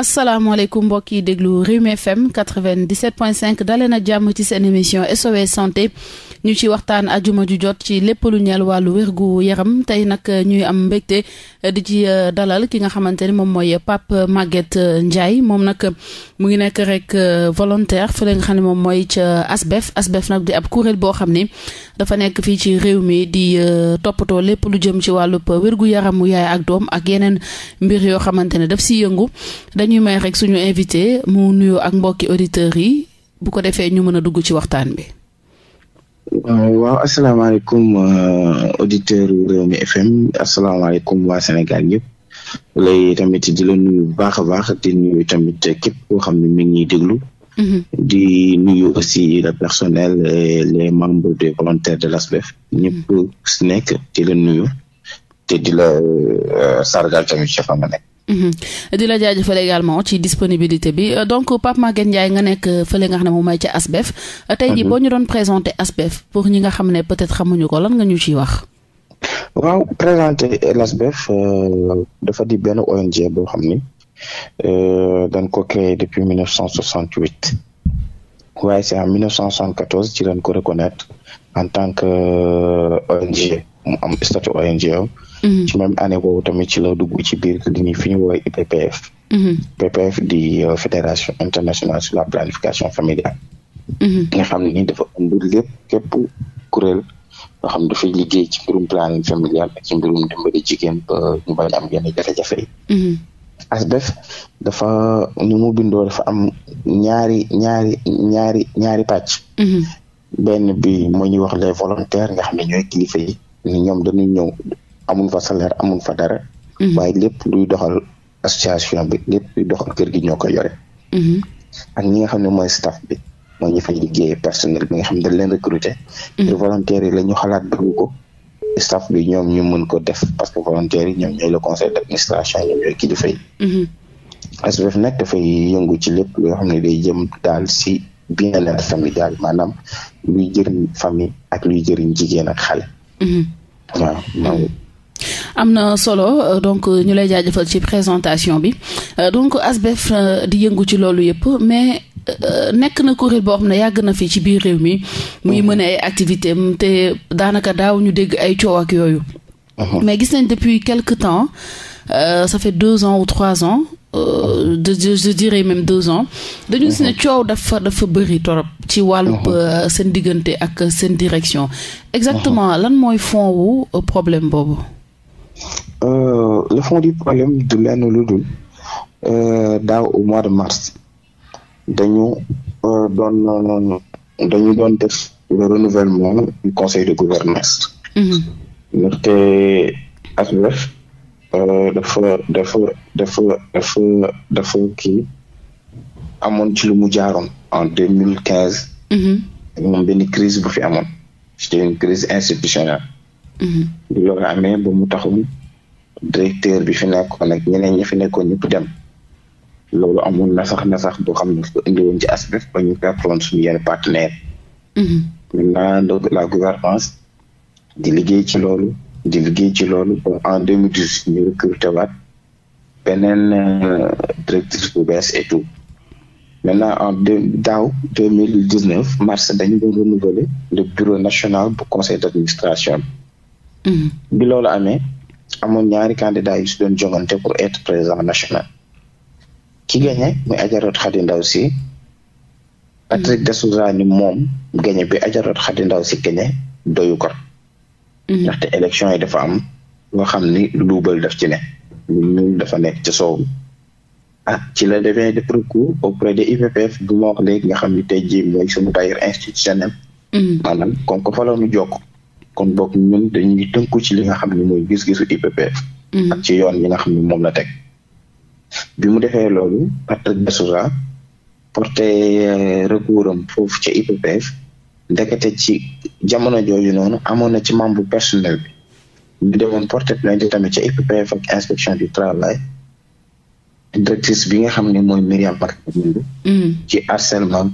asalaamaaleykum mbokk yi déglu Rewmi FM 97.5 dalee na jàmm ci seen émission SOS santé ñu ci waxtaan ajuma ju jot ci lépp lu ñeel wàllu wérgu yaram tey nag ñuy am mbégte eh, di ci eh, dalal ki nga xamante ni moom mooy Pape màgget eh, Ndiaye moom nag mu ngi nekk rek volontaire fële nga xam ne moom mooy ca ASBEF ASBEF nag di ab kuréel boo xam ni dafa nekk fii ci réew mi di toppatoo lépp lu jëm ci wàllub wérgu yaramu yaay ak doom ak yeneen mbir yoo xamante ne daf si yëngu dañuy may rek suñu invité mu nuyoo ak mbokki auditeurs yi bu ko defee ñu mën a dugg ci waxtaan bi Euh, waaw asalaamaaleykum euh, auditeur Rewmi FM asalaamaaleykum waa Sénégal yëpp lay tamit di la nuyu bu baax a baax di nuyu tamit képp koo xam ne mi ngi déglu. Mm-hmm. di nuyu aussi le personnel et les membres des de l'ASBEF ñëpp mm-hmm. si nekk di la nuyu te di la euh, sargal tamit ci fa nga Mm-hmm. di la jaajëfal également ci disponibilité bi euh, donc Pape Maguette Ndiaye nga nekk euh, fële nga xam ne moom mooy ci ASBEF. Euh, tey jii mm-hmm. boo ñu doon présenter ASBEF pour ñi nga xam ne peut-être xamuñu ko lan nga ñu ciy wax. waaw présenter l'ASBEF dafa di benn ONG boo xam ni dañ ko créé depuis 1968 waaye c'est en 1974 ci lañ ko reconnaître en tant que ONG mu am statut ONG Mhm. ci même année boobu tamit ci la dugg ci biir li ñuy fi ñu woowee IPPF. Mhm. Euh, fédération internationale sur la planification familiale. Mhm. nga xam ni dafa ëmb lépp képp kuréel. ci mbirum planning familial ak ci mbirum dimbali jigéen ba ñu bañ am mu bindoo dafa am ñaari ñaari ñaari benn bi moo wax les volontaires nga xam ne ñooy amuñ fa salaire amuñ fa dara. Mhm. waaye lépp luy doxal association bi lépp luy doxal kër gi ñoo ko yore. Mhm. ak ñi nga xam ne mooy staff bi mooy ñi fay liggéeyee personnel bi nga xam ne dañ leen recruter. ngir mhm. volontaires yi la ñu xalaat dugg ko. staff bi ñoom ñu mën ko def parce que volontaires yi ñoom ñooy le conseil d' administration ñoom ñooy kilifa yëngu ci lépp loo xam ne day jëm daal si bien-être familial maanaam luy jëriñ famille ak luy jëriñ jigéen ak xale. waaw am na solo euh, donc euh, ñu lay jaajëfal ci présentation bi euh, donc ASBEF di yëngu ci loolu yëpp mais nekk na kuréel boo xam ne yàgg na fii ci biir réew mi muy mëne mhm. ay activité am te daanaka daaw ñu dégg ay coow ak yooyu mhm. mais gis nañ depuis quelque temps euh, ça deux ans ou trois ans Euh, mhm. même deux ans dañu gis dafa bëri torop ci wàllu seen diggante ak seen direction exactement lan mooy fond wu problème boobu Euh, le fond du problème du lenn lu dul euh, daaw au mois de mars dañu euh, doon doon def le renouvellement du conseil de gouvernance mhm. ndaxte ASBEF dafa dafa dafa dafa dafa kii amoon ci lu mu jaaroon en deux mille quinze mhm. moom benn crise bu fi amoon c'était une crise institutionnelle bi loolu amee ba mu taxul directeur bi fi nekkoon ak ñeneen ñi fi nekkoon ñëpp dem loolu amul na sax na sax boo xam ne ko indiwoon ci aspect ba ñu pertoon suñu yenn partenaire maintenant donc la gouvernance di liggéey ci loolu di liggéey ci loolu ba en deux mille dix ñu recruté waat beneen euh, directrice bu bees et tout maintenant en daaw deux mille dix neuf mars dañu doon le bureau national bu conseil d' Mm-hmm. bi loolu amee amoon ñaari candidats yu si doon joxante pour être président national ki gagné muy Adjaratou Khady Ndaw si Patrick mm-hmm. Dessouza ni moom gagné bi Adjaratou Khady Ndaw si gagné doyu ko mm-hmm. ndaxte élection yi dafa am loo xam ni luubal daf ci ne ñun dafa nekk ci soow ah, ci la defee de recours auprès de IPPF bu ma wax léegi nga xam ni te jii mooy suñu bailleur institutionnel maanaam comme que fa jokk kon boog ñun dañuy tënku ci li nga xam ni mooy gis-gisu IPPF. Mm-hmm. ak ci yoon yi nga xam ne moom la teg. bi mu defee loolu Patrick Bessouza porté euh, recours am foofu ci IPPF ndekete ci jamono jooju noonu amoon na ci membre personnel bi. ñu demoon porté plainte tamit ci IPPF ak inspection du travail. directrice bi nga xam ne mooy Myriam Marc mm-hmm. ci harcèlement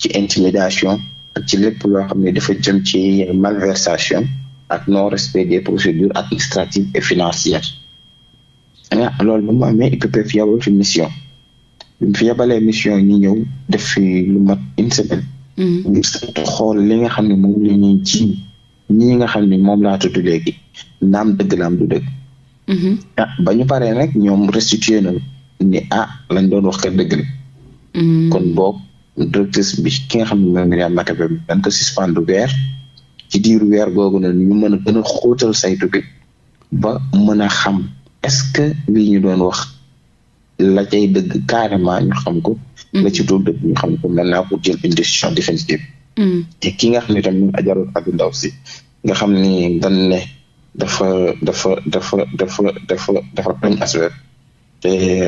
ci intimidation. ak ci lépp loo xam ne dafa jëm ci malversation ak non respect des procédures administratives et financières ah loolu ba mu amee IPP fi yabal fi mission bi mu fi mission ñu ñëw def lu mat une semaine. Mm-hmm. ñu sant xool li nga xam ne moom la ñuy ji ñii nga xam ne moom laa tudd léegi naam dëgg naam du dëgg. Mm-hmm. ah ba ñu ñoom restitué na ni a ah, lañ doon wax kat dëgg mm-hmm. kon boog directrice bi ki nga xam ne mooy Miriam weer ci diiru weer googu na ñu mën a gën a xóotal saytu ba mën a xam est-ce que lii ñu doon wax la cay dëgg carrément ñu xam ko la ci doon dëgg ñu xam ko maintenant pour jël une décision définitive ki nga xam ne tamit ajarul abi ndaw si nga xam ni dañ ne dafa dafa dafa dafa dafa dafa toñ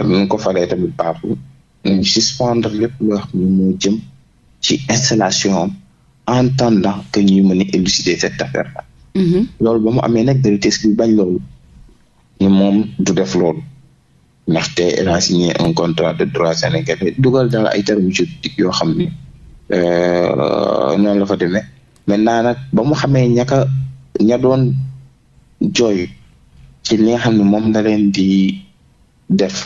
nu ko falee tamit baaxul suspendre lépp jëm ci installation en attendant que ñuy mën élucider cette affaire là mm-hmm. ba mu amee nag bi bañ loolu ni moom du def loolu ndaxte elle contrat de droit sénégalais dugal dans ay termes juridiques yoo xam ni euh, noonu la fa demee maintenant nag ba mu xamee ñaka ña doon jooy ci li xam ne mom la leen di def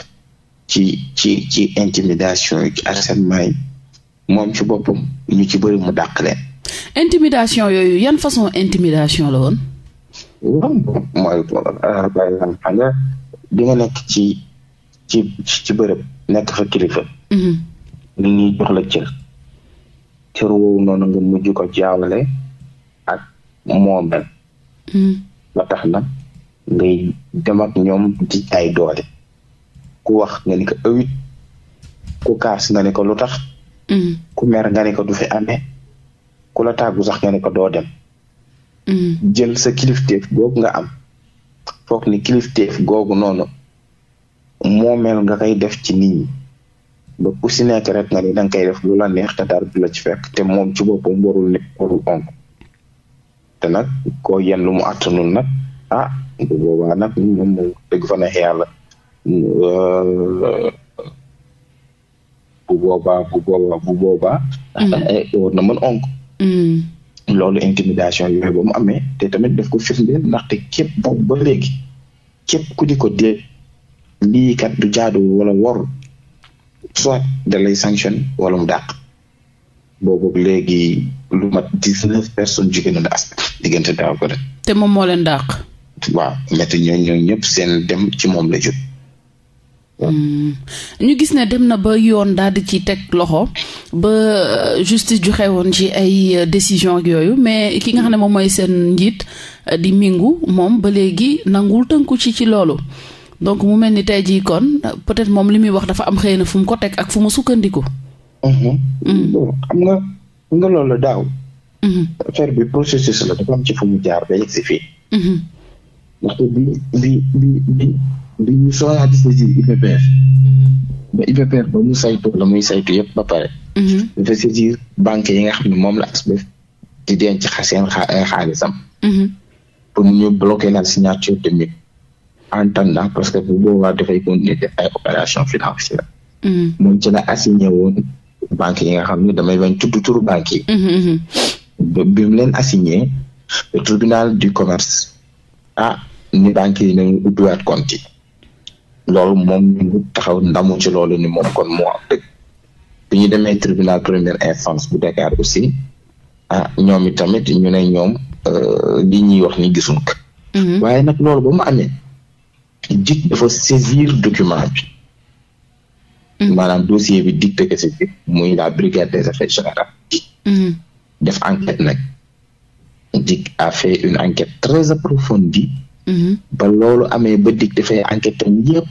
ci ci ci intimidation yi ci harcèlement yi moom ci boppam ñu ci bëri mu dàq leen. intimidation yooyu yan façon intimidation la woon. waaw mooy par exemple ah, xam nga di nga nekk ci ci bërëb nekk fa kilifa. Mm-hmm. nit ñi jox cër. cër woowu noonu nga mujj ko jaawale ak moomeel. Mm-hmm. ba tax na ngay dem ñoom di ay doole. ku wax nga ne ko ëwit ku kaas nga ni ko lu tax mm. ku mer nga ni ko du fi amee ku la sax nga ni ko doo dem mm. jël sa kilifteef googu nga am foog ni kilifteef googu noonu moomeel nga koy def ci nit ba ku si rek nga ni da nga koy def lu la neex te dara du la ci fekk te moom ci boppam warul ne warul onk te nag koo yenn lu mu àttanul nag ah bu boobaa nag moom moom dëgg fa neex yàlla Euh, bu boobaa bu boobaa bu boobaa. war mm. eh, eh, na mën onk. Mm. loolu intimidation yooyu mu amee te tamit def ko firndeel ndaxte képp boobu ba léegi képp ku di ko dee lii du jaado wala warul soit da lay sanction wala mu dàq boobu léegi lu mat dix neuf personnes jigéen na as diggante daaw ko ren. te moom moo leen dàq. waaw métti ñooñu ñëpp seen dem ci moom la jot. Mm. ñu gis ne dem na ba yoon daal di ci teg loxo ba euh, justice joxe woon ci ay euh, décision yooyu mais ki nga xam ne moom mooy seen njiit euh, di mingu moom ba léegi nangul tënku ci ci loolu donc mu mel ni tey jii kon peut-être moom li muy wax dafa am xëy na fu mu ko teg ak fu mu sukkandiku. Uh-huh. Mm. xam nga nga loolu daaw. Mm-hmm. affaire bi processus la dafa am ci fu mu jaar ba yegg si fii. Mm-hmm. bi ñu sooraati saisir IPPR ba IPPR ba mu la muy saytu yëpp ba pare dafa mm-hmm. yi nga xam ne moom la ASBEF di denc seen xaalisam mm-hmm. pour ñu bloquer la signature de MIP en attendant parce que bu boobaa dafay continuer def ay opération financière moom mm-hmm. ci la assigné woon banque yi nga xam ne damay bañ tudd turu banque yi bi mu leen assigné le tribunal du commerce ah ni banque yi nañu ubbiwaat compte yi loolu moom taxaw ndamu ci loolu ni moom kon moo am dëgg bi ñu demee tribunal première instance bu Dakar aussi ah ñoom tamit ñu ne ñoom euh, li ñuy wax ni gisuñ mhm. waaye nag loolu ba mu amee DIC dafa saisir document bi mhm. maanaam dossier bi dicté que si muy la brigade des affaires générales DIC mhm. def enquête nag DIC a fait une enquête très approfondie Mm-hmm. ba loolu amee ba dig dafay enquête am yëpp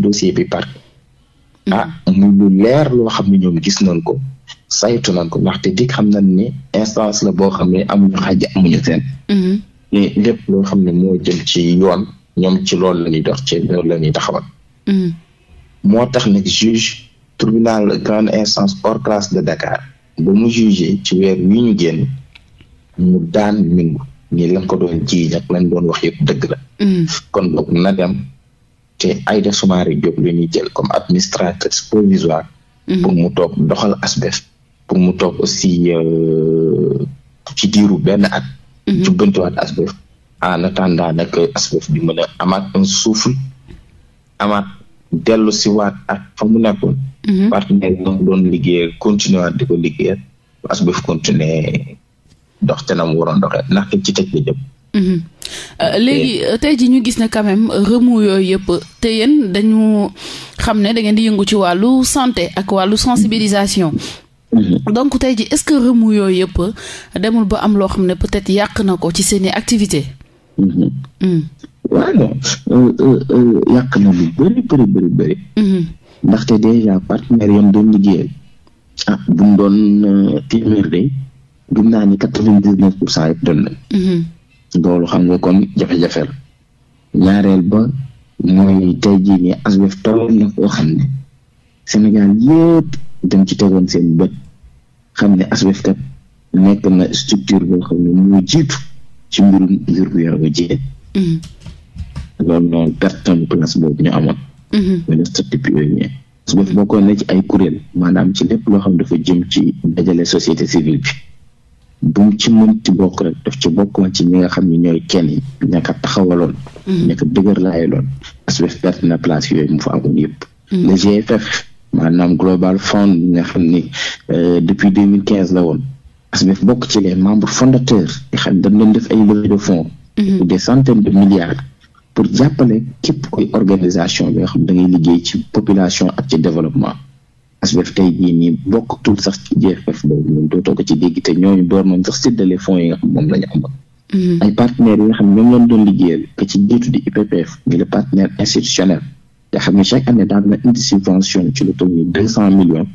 dossier bi parquet mm-hmm. ah mu lu leer loo xam ne ñoom gis nan ko saytu nañ ko ndaxte dig xam nañ ni instance la boo xam ne amuñu xaaj amuñu seen mais mm-hmm. lépp loo xam ne moo jëm ci yoon ñoom ci loolu lañuy dox ci loolu la ñuy moo tax nag juge tribunal grande instance hors classe de Dakar ba mu jugé ci weer wi ñu génn mu daan mingu ñi lañ ko doon jiiñ ak lañ doon wax yëpp dëgg la. Mm. kon boog na dem te Aïda Soumaré Diop la ñuy jël comme administratrice provisoire. Mm. pour mu toog doxal ASBEF. pour mu toog aussi euh, ci diiru benn at. Mm-hmm. jubbantiwaat ASBEF. en attendant nag ASBEF bi mën a amaat un souffle amaat dellu si waat ak fa mu nekkoon. Mm-hmm. partenaire yi doon liggéey continuer waat di ko liggéeyal dox te na mu waroon doxee ndaxte ci tëj la jëm. Mhm. Euh, léegi euh, tey ji ñu gis ne quand même euh, remous yooyu yëpp te yéen dañu xam ne dangeen di yëngu ci wàllu santé ak wàllu sensibilisation. Mhm. donc tey ji est-ce que remous yooyu yëpp demul ba am loo xam ne peut-être yàq na ko ci seen i activité waaw yàq na lu bëri bëri bëri bëri. Mhm. ndaxte déjà partenaires yam doon liggéeyal. ah bu doon téeméer de. gëm naa ni quatre vingt dix neuf pour cent yëpp dem nañ mm-hmm. loolu xam nga jafe-jafe la ñaareel ba mooy tey jii nii ASBEF toll na koo xam ne Sénégal yëpp dem ci tegoon seen bët xam ne ASBEF kat nekk na structure boo xam ne moo jiitu ci mbirum wér gu a jigéen mm-hmm. loolu noonu perte na place boobu ñu amoon ministre de pionnier ASBEF bokkoon na ci ay kuréel maanaam ci lépp loo xam dafa jëm ci dajale société civile bi bu mu ci mënti bokk rek daf ci bokkoon ci ñi nga xam ne ñooy kenn yi ñaka taxawaloon mm-hmm. ñaka dëgër laayaloon parce que perte na place yooyu mu fa amoon yëpp mm-hmm. le GFF maanaam Global Fund nga xam ni euh, depuis deux mille quinze la woon ASBEF bokk ci les membres fondateurs nga xam dañ def ay levée de fonds pour mm-hmm. des centaines de milliards pour jàppale képp koy organisation bi nga xam da ngay liggéey ci population ak ci développement ASBEF tey jii nii bokkatul sax ci GFF boobu loolu dootoo ko ci dégg te ñooñu door nañ sax séddale fonds yi nga xam moom la ñu amoon mm-hmm. ay partenaires yi nga xam ne ñoom lañ doon liggéeyal ka ci jiitu di IPPF ngi le partenaire institutionnel nga xam ne chaque année daan na indi subvention ci lu toll ni deux cent millions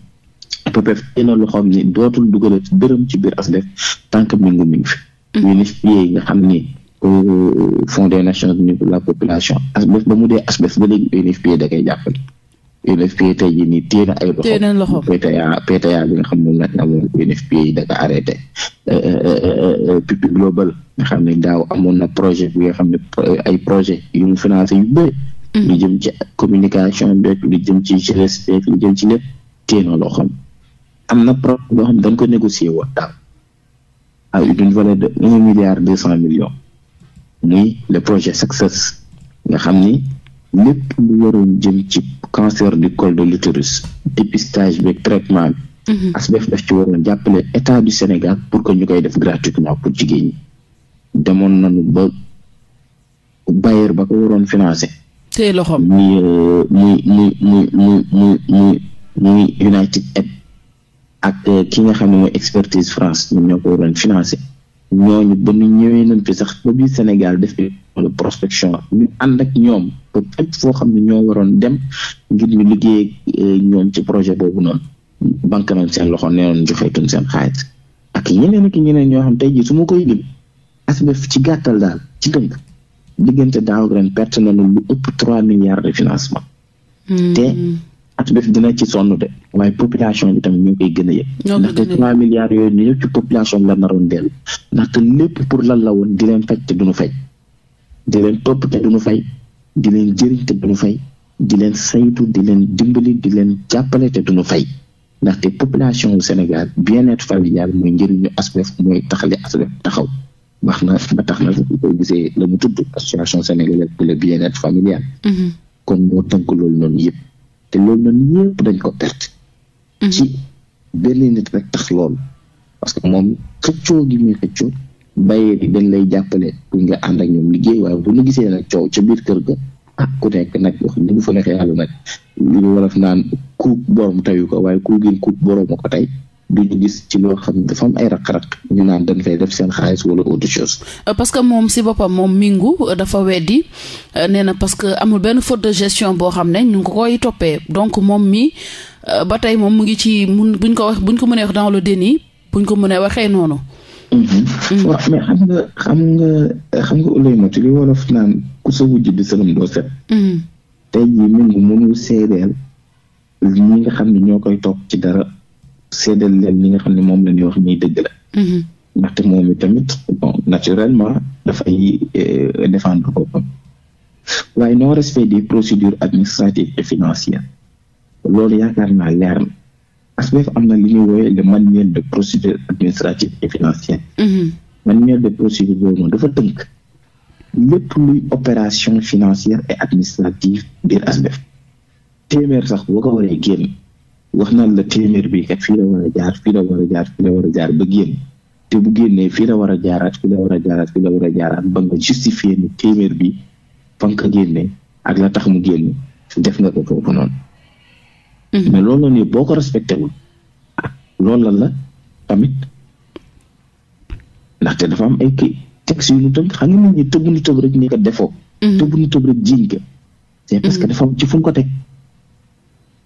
IPPF tey na loo xam dootul dugalati dërëm ci biir ASBEF tant que mi ngi mi ngi fi mm-hmm. nga xam ni euh, Fonds des Nations Unies la population ASBEF ba mu dee ASBEF ba léegi UNFPA da koy jàppale UNFPA tey jii nii téye na ay loxo téye loxo PTA PTA bi nga xam moom nag na moom UNFPA da ko arrêté euh, euh, euh, PIP global nga xam ne daaw amoon na projet bi nga xam ne ay projet yu mu financé yu bëri mm. lu jëm ci communication beeg lu jëm ci jeunesse beeg jëm ci lépp téye na na projet xam ne dañ ko négocier woon daaw à une de un milliard deux cent millions muy le projet success nga xam ni lépp lu waroon jëm ci cancer du col de l'utérus dépistage beeg traitement bi mhm. ASBEF daf ci waroon jàppale état du Sénégal pour que ñu koy def gratuitement pour jigéen ñi demoon nañu ba bailleur ba ko waroon financé tey loxoom muy euh, muy muy muy muy muy muy muy United Aid ak euh, ki nga mooy expertise France ñun ñoo ko waroon financé ñooñu ba ñu ñëwee nañ fi sax ba biir Sénégal def wala prospection ñu ànd ak ñoom pour foo xam ne ñoo waroon dem ngir ñu liggéey ak eh, ci projet boobu noonu banque nañ seen loxo nee nañ joxeetuñ seen xaalis ak ñeneen ak ñeneen ñoo xam tey jii su ma koy lim ASBEF ci gàttal daal ci dënk diggante daaw ren perte na lu ëpp trois milliards de financement hmm. te at bi dina ci sonn de waaye population bi tamit ñu ngi koy gën a yëg ndaxte trois milliards yooyu ñu yëpp ci population bi la naroon dellu ndaxte lépp pour lan la woon di leen faj te duñu faj di leen topp te duñu fay di leen jëriñ te duñu fay di leen saytu di leen dimbali di leen jàppale te duñu fay ndaxte population wu Sénégal bien-être familial mooy njëriñu ASBEF mooy taxali ASBEF taxaw wax na ba tax na koy gisee la mu tudd association sénégalaise pour le bien-être familial mm-hmm. kon moo tënk loolu noonu yëpp te loolu na ñëpp dañ ko perte. Mhm. ci benn nit rek tax loolu. parce que moom xëccoo gi muy xëccoo bayee bi dañ lay jàppale pour nga ànd ak ñoom liggéey waaye bu ñu gisee nag coow ca biir kër ga ak ah ku nekk nag wax dëgg fa neexee yàlla nag li ñu war a naan kuub borom tayu ko waaye ku gën kuub borom ko tey. du ñu gis ci loo xam dafa am ay raq-raq ñu naan dañ fay def seen xaalis wala autre chose. Euh, parce que moom si boppam moom mingu euh, dafa weddi euh, nee na parce que amul benn faute de gestion boo xam ne ñu ngi ko koy toppee donc moom mi tey moom mu ngi ci mun buñ ko wax buñ ko mënee wax dans le ko mënee waxee noonu. Mm-hmm. Mm-hmm. waaw mais xam nga xam nga xam nga oloymatu li wolof naan ku sa wujj di sëlëm doo set. Mm-hmm. tey jii mingu mënul seedeel ñi nga xam ne ñoo koy topp ci dara. seedal leen li nga xam ne moom la ñuy wax nii dëgg la. Mm-hmm. ndaxte moom tamit bon naturellement dafay euh, défendre boppam. waaye non respect des procédures administratives et financières loolu yaakaar naa leer na ASBEF am na li ñuy wooyee le manuel de procédure administrative et financière. Mm-hmm. manuel de procédure dafa tënk lépp luy opération financière et administrative biir ASBEF téeméer sax boo ko waree génn. wax naan la téeméer bi kat fii la war a jaar fii war a jaar fii la ba génn te bu génnee fii la war a jaaraat fii la war a jaaraat fii a jaaraat ba nga justifier ni téeméer bi fa nga ko génnee ak la tax mu génn def na ko foofu noonu. Mm-hmm. mais ko respecté wul loolu la la tamit ndaxte dafa am ay kii texte yu ñu tëb xanga nga nit ñi tëb ñu tëb rek ni ko defoo. Mm-hmm. tëb parce que mm-hmm. dafa am ci fu ko teg.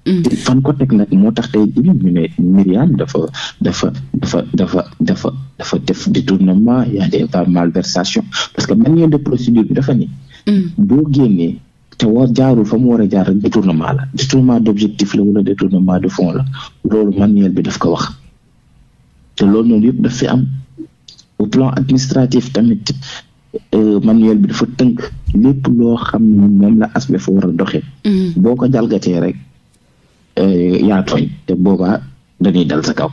te fan ko teg moo tax tey jii ñu ne Myriam dafa dafa dafa dafa dafa dafa def détournement y a des malversations parce que manuel de procédure bi dafa ni mm. boo génnee te war jaarul fa mu war a jaar rek détournement la détournement d'objectif la wala de fonds la loolu manuel bi daf ko wax te loolu noonu yëpp daf fi am au plan administratif tamit euh, manuel bi dafa tënk lépp loo xam ne moom la aspect fa war a doxee mm. boo ko jalgatee rek Eh, yaa tooñ te boobaa dañuy dal sa kaw.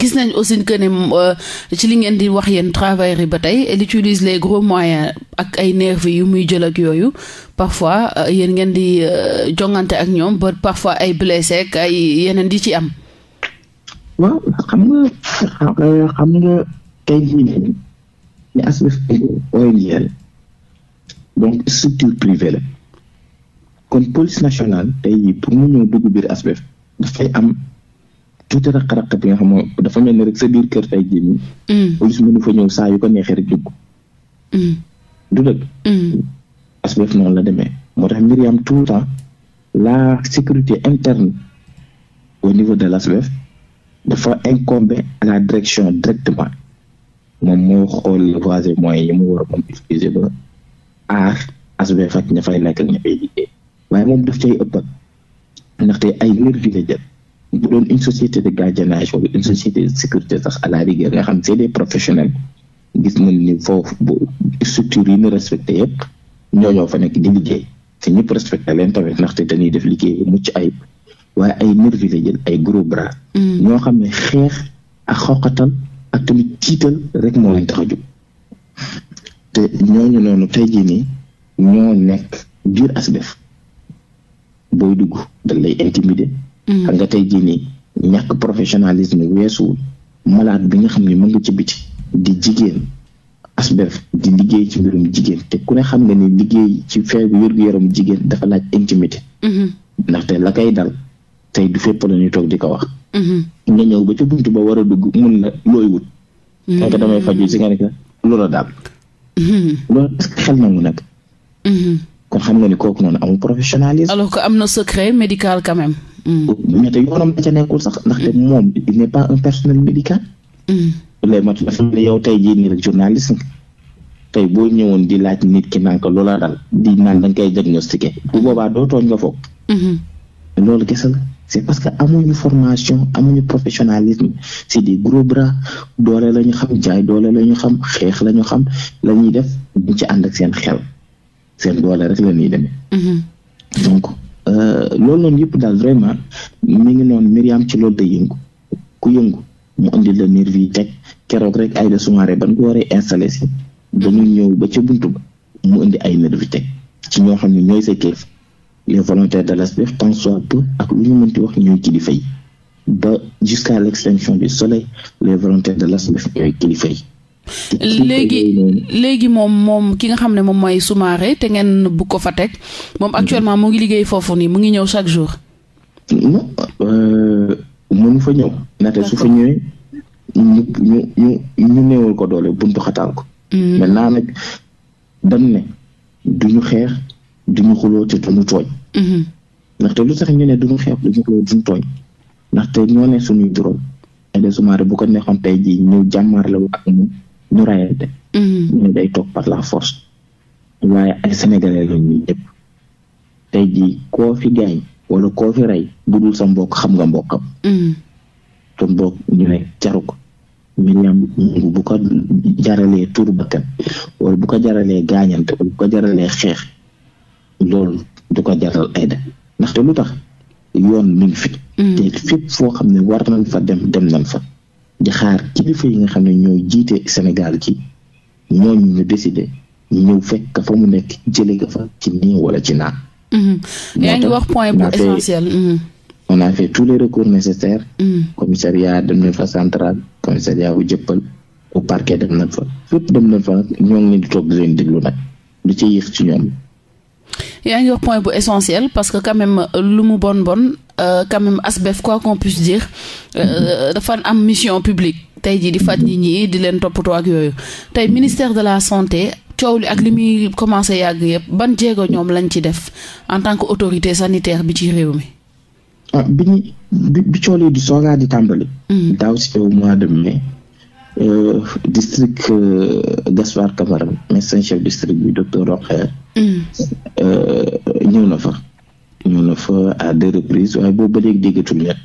gis nañ aussi que ne euh, ci li ngeen di wax yéen travailleurs yi ba tey elle utilise les gros moyens ak ay nervis yu muy jël ak yooyu parfois euh, yéen ngeen di euh, jongante ak ñoom ba parfois ay blessé ak ay yeneen di ci am. waaw xam nga xam nga tey jii ni ASBEF ONG la. kon police nationale tey pour mu ñëw dugg biir ASBEF dafay am tuuti raq-raq bi nga xam ne dafa mel ni rek sa biir kër tey jii nii. Mm. police mënu fa ñëw saa yu ko neexee rek dugg. Mm. du dëgg. Mm. ASBEF noonu la demee moo tax mbir am tout le temps la sécurité interne au niveau de l'ASBEF dafa incomber la direction directement moom moo xool voies et moyens yi mu war a moom utiliser ba aar ASBEF ak ña fay lekk ak ña fay liggéey. waaye moom daf cay ëppal ndaxte ay nervi la jël bu doon une société de gardiennage wala une société de sécurité sax à la rigueur nga xam c'est des gis nañ ni foofu bu structures yi ñu respecté yëpp ñoo ñoo fa nekk di liggéey te ñëpp respecté leen tamit ndaxte dañuy def liggéey mucc ay waaye ay nervi la jël ay gros bras. Mm. ñoo xam ne xeex ak xoqatal ak tamit tiital rek moo leen tax a jóg te ñooñu noonu tey jii ni ñoo nekk biir ASBEF. booy dugg dañ lay intimider. Mm-hmm. xam nga tey jii nii ñàkk professionnalisme weesuwul malaat bi nga xam ne mën nga ci biti di jigéen asbef di liggéey ci mbirum jigéen te ku ne xam nga ni liggéey ci feebu wér-gu-yaram jigéen dafa laaj intimité mm-hmm. ndaxte la kay dal tey du fépp la ñuy toog di ko wax mm-hmm. nga ñëw ba ca buntu ba war a dugg mun na looy wut nga ko damay faju si nga ne ko loola daal loolu est-ce nag kon xam nga ni kooku noonu amul professionnalisme. alors que am na secret médical quand même. Hmm. mais te yoonam da ca nekkul sax ndaxte moom il n'est pas un la hmm. yow tey jii nii da nga koy diagnostiqué bu boobaa doo tooñ nga foog. Hmm. loolu kese la c'est parce que amuñu formation amuñu professionnalisme c'est des gros bras doole la ñu xam jaay doole la ñu xam xeex la ñu xam la ñuy def duñ ci ànd seen xel. seen doole rek la ñuy mm-hmm. donc euh, loolu noonu yëpp daal vraiment mi ngi noonu Myriam ci loolu da yëngu ku yëngu mu indi la nervi yi teg keroog rek Aïda Soumaré ban ko waree installé si dañu mm-hmm. ñëw ba ca bunt ba mu indi ay nervi teg ci ñoo xam ne ñooy sa kilifa les volontaires de l'ASBEF tant soit peu ak lu ñu mënti wax ñooy kilifa yi ba jusqu'à l'extinction du soleil les volontaires de l'ASBEF ñooy kilifa yi léegi léegi moom moom ki nga xam ne moom mooy Soumaré te ngeen bu ko fa teg moom mm-hmm. actuellement mu ngi liggéey foofu nii mu ngi ñëw chaque jour. non euh, mënu fa ñëw. ndaxte ñëwee ñu ko doole buntu xataal ko. Mm-hmm. maintenant xeex du ñu xuloo te mm-hmm. lu tax ñu ne du ñu xeex du ñu xuloo du ñu tooñ ndaxte ñoo ne suñuy droit. Aida Soumaré bu ko neexoon tey jii ñëw jàmmaar la ñu rayante mm-hmm. ñu day toog par la force waaye ay sénégalais lañ ñu ñëpp tey jii koo fi gaañ wala koo fi rey budul sa mbok xam nga mbokkam mm-hmm. te mbokk ñu ne jaru ko Miriam bu ko jaralee tur bakkan wala bu ko jaralee gaañante wala bu ko xeex loolu du ko jaral ayda ndaxte lu tax yoon mi ngi fi mm-hmm. te fépp foo xam ne war nañ fa dem dem nañ fa di xaar kilifa yi nga xam ne ñooy jiite Sénégal ci ñooñu ñu décider ñu ñëw fekk fa mu nekk jëlee ka fa ci nii wala ci naa. Mm-hmm. yaa ngi wax point bu essentiel. Mm-hmm. on a fait tous les recours nécessaires. Mm-hmm. commissariat dem nañ fa central commissariat bu jëppal au parquet dem nañ fa fépp dem nañ fa ñoo ngi leen di toog di leen déglu lu ci yéex ci ñoom. yaa ngi wax point bu essentiel parce que quand euh, lu mu bon bon euh, quand même ASBEF quoi qu'on puisse dire euh, mm-hmm. dafa am mission publique tey jii di faj nit ñi di leen toppatoo ak yooyu tey ministère de la santé coow li ak li muy commencé yàgg yëpp ban jéego ñoom lañ ci def en tant que autorité sanitaire bi ci réew mi. ah bi coow li di soogaa di tàmbali. Mm-hmm. daaw si au mois de mai. Euh, district euh, Gaspard Camara médecin chef district bi docteur Roqe. Mm. Euh, ñëw na fa. ñëw na fa à deux reprises waaye boobu ba léegi déggatul leen.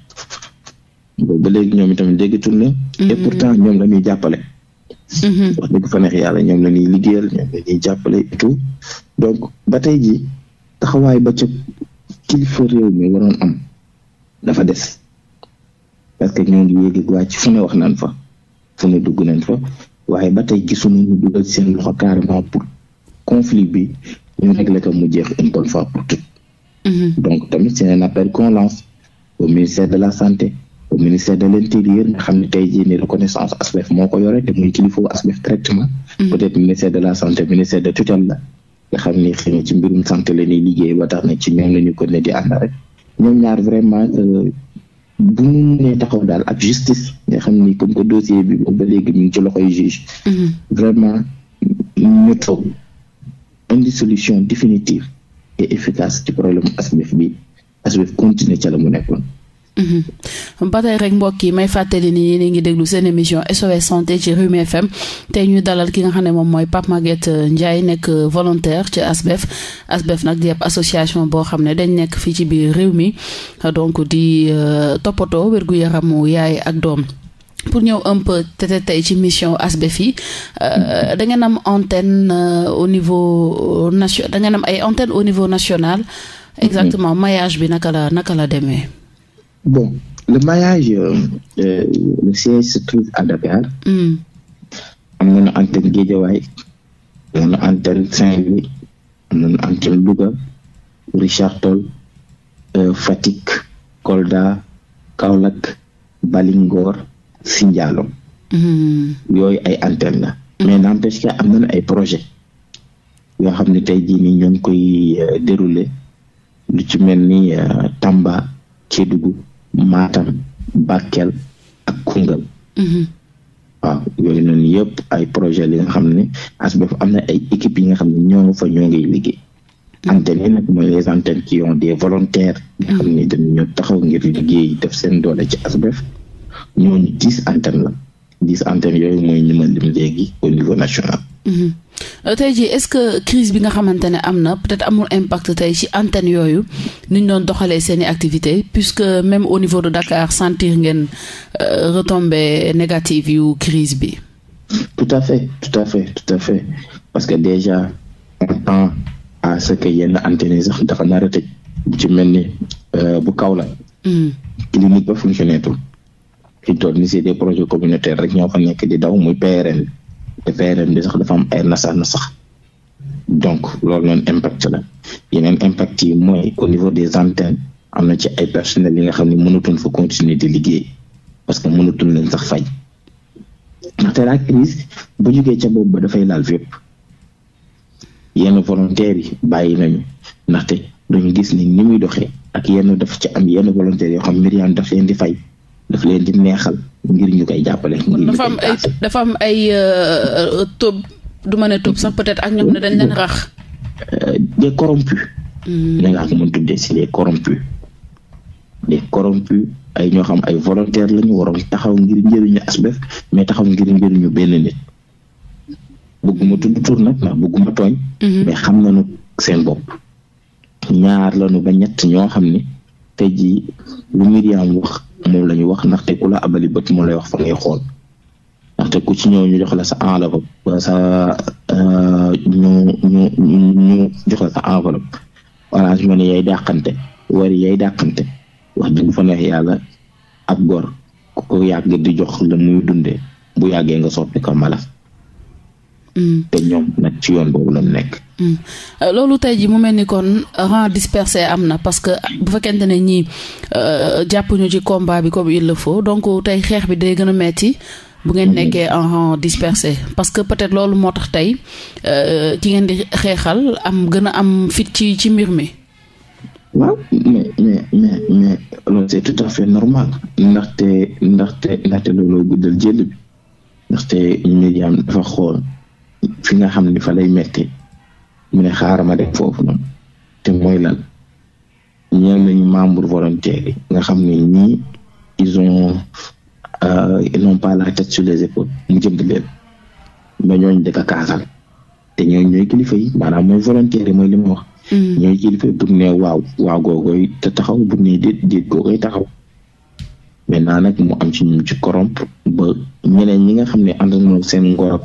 boobu ba léegi ñoom itam déggatul leen. Mm-hmm. et pourtant ñoom la ñuy jàppale. Mm-hmm. yàlla ñoom la ñuy liggéeyal ñoom la ñuy jàppale et tout donc ba tey ji taxawaay ba ca kilifa réew mi waroon am dafa des parce que ñoo ngi yéegi wàcc fu ne wax naan fa. fu ne dugg nañ fa waaye ba tey gisuñu ñu dugal seen loxo carrément pour conflit bi ñu régler ko mu jeex une bonne fois pour toutes. Mhm. donc tamit c'est un appel qu'on lance au ministère de la santé au ministère de l'intérieur nga xam ne tey jii ni reconnaissance ASBEF moo ko yore te mhm. la nga xam ni xëy ci mbirum santé la liggéey ba tax na ci ñoom la ñu ne di ànd rek ñoom ñaar vraiment. Euh, bu mu mënee taxaw daal ab justice nga xam ni comme que dossier bi ba léegi ñu ngi ci loxoy juge. Mhm. vraiment ñu indi solution définitive et efficace ci problème mu bi ASBEF continuer ca la mu nekkoon. Mhm. ba tey rek mbokk yi may fàttali nii yéen a ngi déglu seen émission SOS santé ci Rewmi FM tey ñu dalal ki nga xam ne moom mooy Pape Maguette Ndiaye nekk volontaire ci ASBEF ASBEF nag di ab association boo xam ne dañ nekk fii ci biir réew mi donc di euh, toppatoo wérgu yaramu yaay ak doom. pour ñëw un peu tey ci mission ASBEF yi euh, da ngeen am antenne euh, au niveau nation da ngeen am ay antenne au niveau national. exactement mhm. maillage bi naka la naka la demee. Bon, le maillage, euh, euh, le siège se trouve à Dakar. Mm. amoon na antenne Guédiawaye amoon na antenne Saint-Louis amoon na antenne Louga Richard Toll euh, Fatick Kolda Kaolack Balingor Sindialo mm. ay antenne la mais hmm. n'empêche que am nañu ay projet yoo xam ne tey jii nii koy euh, dérouler lu ci mel ni Tamba Kédougou Matam Bakel ak Koungheul. Mhm. waaw yooyu noonu yëpp ay projet li nga xam ne ASBEF am na ay équipes yi nga xam ne ñoo fa ñoo ngi liggéey. Mhm. antennes yi nag mooy les antennes qui ont des volontaires. nga xam ne dañu ñëw taxaw ngir liggéey def seen doole ci ASBEF ñooñu dix antennes la dix antennes yooyu mooy ñu ma lim léegi au niveau national. Mhm. Euh, tey jii est-ce que crise bi nga xamante ne am na peut-être amul impact tey ci antenne yooyu ni ñu doon doxalee seen i activité que même au niveau de Dakar sentir ngeen euh, retombées négative yu crise bi. tout à fait tout à fait parce que déjà on tend à ce que yenn antenne sax dafa a tëj bu ci mel ni euh, bu kaw la. Hmm. clinique ba fonctionné tul. fi ni c'est des projets communautaires rek ñoo fa nekk di daw muy PRN. te PRN bi sax dafa am ay nasax nasax donc loolu noonu impact la yeneen impact yi mooy au niveau des antennes am na ci ay personnels yi nga xam ne mënatuñ foo continuer di liggéey parce que mënatuñ leen sax faj ndaxte la crise bu jugee ca boobu ba dafay laal fépp yenn volontaires yi bàyyi nañu ndaxte dañu gis ni ni muy doxee ak yenn daf ci am yenn volontaires yoo xam Myriam daf leen di fay daf leen di neexal ngir ñu koy jàppale. dafa am ay dafa am ay tëb du mën a tëb sax peut-être ak ñoom ne dañ leen rax. Euh, des corrompus. da hmm. ngaa mën tuddee si des corrompus. des ay ñoo xam ay volontaire lañu waroon taxaw ngir njëriñu asbef mais taxaw ngir njëriñu benn nit. bëgguma tudd tur nag ndax bëgguma tooñ. Hmm. mais xam nañu seen bopp. ñaar lañu ba ñett ñoo xam ne tey jii lu Miriam wax. moom la ñu wax ndaxte kula la abali bët moo lay wax fa ngay xool ndaxte ku ci ñëw ñu jox sa enveloppe sa euh, ñu ñu ñu jox sa enveloppe orange ma ne yay dàqante wari yay dàqante wax dëgg fa neex yàlla ab gor ku ko yàgg di jox la muy dundee bu yàggee nga soppi ko mala mm. te ñoom na ci yoon boobu lañ nekk Hmm. Euh, loolu tey jii mu mel ni kon rang dispersé am na parce que bu fekkente ne ñii euh, jàppuñu ci combat bi comme il le faut donc tey xeex bi day gën a metti bu ngeen hmm. nekkee en rang dispersé parce que peut-être loolu moo tax tey euh, ki ngeen di xeexal am gën a am fit ci ci mbir mi. waaw mais mais mais mais loolu c'est tout à fait normal ndaxte ndaxte ndaxte looloo guddal jël bi ndaxte média dafa xool fi nga xam ni fa lay metti mu ne xaaral ma dem foofu noonu te mooy lan ñeen nañu membre volontaire nga xam ne ñii ils ont euh, ils n'ont pas les épaules mu jënd leen mais ñooñu dëkk kaasal te ñooñu kilifa yi maanaam mooy volontaire yi mooy li mm. kilifa yi bu ne waaw waaw googoy te taxaw bu ne déet déet googoy taxaw. maintenant nag mu am ci ñun ci corrompre ba ñeneen ñi nga xam ne ànd ak moom seen ngor